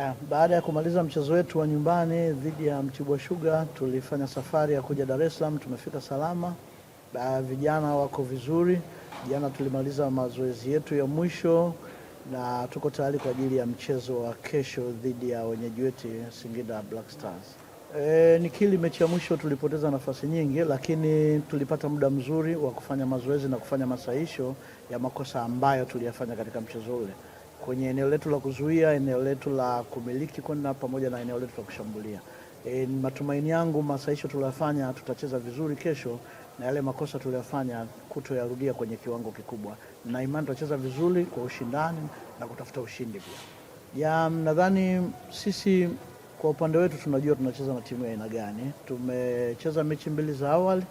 Ya, ah, baada ya kumaliza mchezo wetu wa nyumbani dhidi ya Mtibwa Sugar tulifanya safari ya kuja Dar es Salaam, tumefika salama. Ba, vijana wako vizuri. Jana tulimaliza mazoezi yetu ya mwisho na tuko tayari kwa ajili ya mchezo wa kesho dhidi ya wenyeji wetu Singida Black Stars. E, nikili mechi ya mwisho tulipoteza nafasi nyingi, lakini tulipata muda mzuri wa kufanya mazoezi na kufanya masahisho ya makosa ambayo tuliyafanya katika mchezo ule kwenye eneo letu la kuzuia, eneo letu la kumiliki kwenda pamoja na eneo letu la kushambulia. E, matumaini yangu masaisho tuliyofanya tutacheza vizuri kesho, na yale makosa tuliyofanya kutoyarudia kwenye kiwango kikubwa, na imani tutacheza vizuri kwa ushindani na kutafuta ushindi pia. Ya nadhani sisi kwa upande wetu tunajua tunacheza na timu ya aina gani. Tumecheza mechi mbili za awali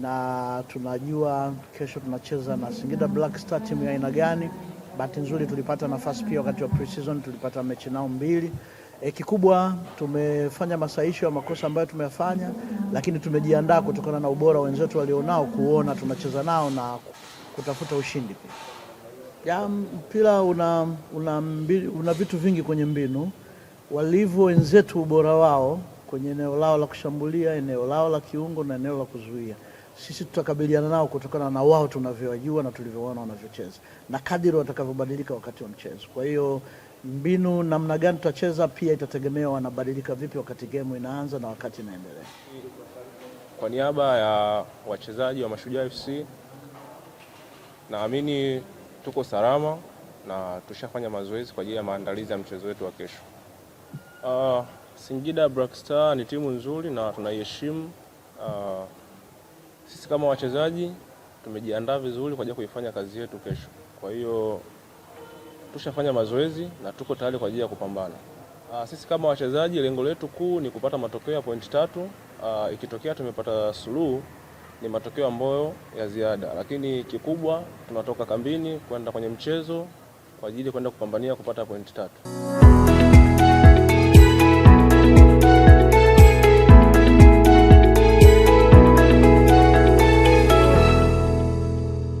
na tunajua kesho tunacheza na Singida Black Star, timu ya aina gani. Bahati nzuri tulipata nafasi pia wakati wa pre-season, tulipata mechi nao mbili. E, kikubwa tumefanya masaisho ya makosa ambayo tumeyafanya, lakini tumejiandaa kutokana na ubora wenzetu walionao kuona tunacheza nao na kutafuta ushindi pia. Ya, mpira una, una, una, una vitu vingi kwenye mbinu walivyo wenzetu, ubora wao kwenye eneo lao la kushambulia, eneo lao la kiungo na eneo la kuzuia sisi tutakabiliana nao kutokana na wao tunavyowajua na tulivyoona wanavyocheza na kadiri watakavyobadilika wakati wa mchezo. Kwa hiyo mbinu namna gani tutacheza pia itategemea wanabadilika vipi wakati gemu inaanza na wakati inaendelea. Kwa niaba ya wachezaji wa Mashujaa FC, naamini tuko salama na tushafanya mazoezi kwa ajili ya maandalizi ya mchezo wetu wa kesho. Uh, Singida Black Star ni timu nzuri na tunaiheshimu uh, sisi kama wachezaji tumejiandaa vizuri kwa ajili ya kuifanya kazi yetu kesho. Kwa hiyo tushafanya mazoezi na tuko tayari kwa ajili ya kupambana. Aa, ah, sisi kama wachezaji lengo letu kuu ni kupata matokeo ya pointi tatu. Aa, ah, ikitokea tumepata suluhu ni matokeo ambayo ya ziada, lakini kikubwa tunatoka kambini kwenda kwenye mchezo kwa ajili ya kwenda kupambania kupata pointi tatu.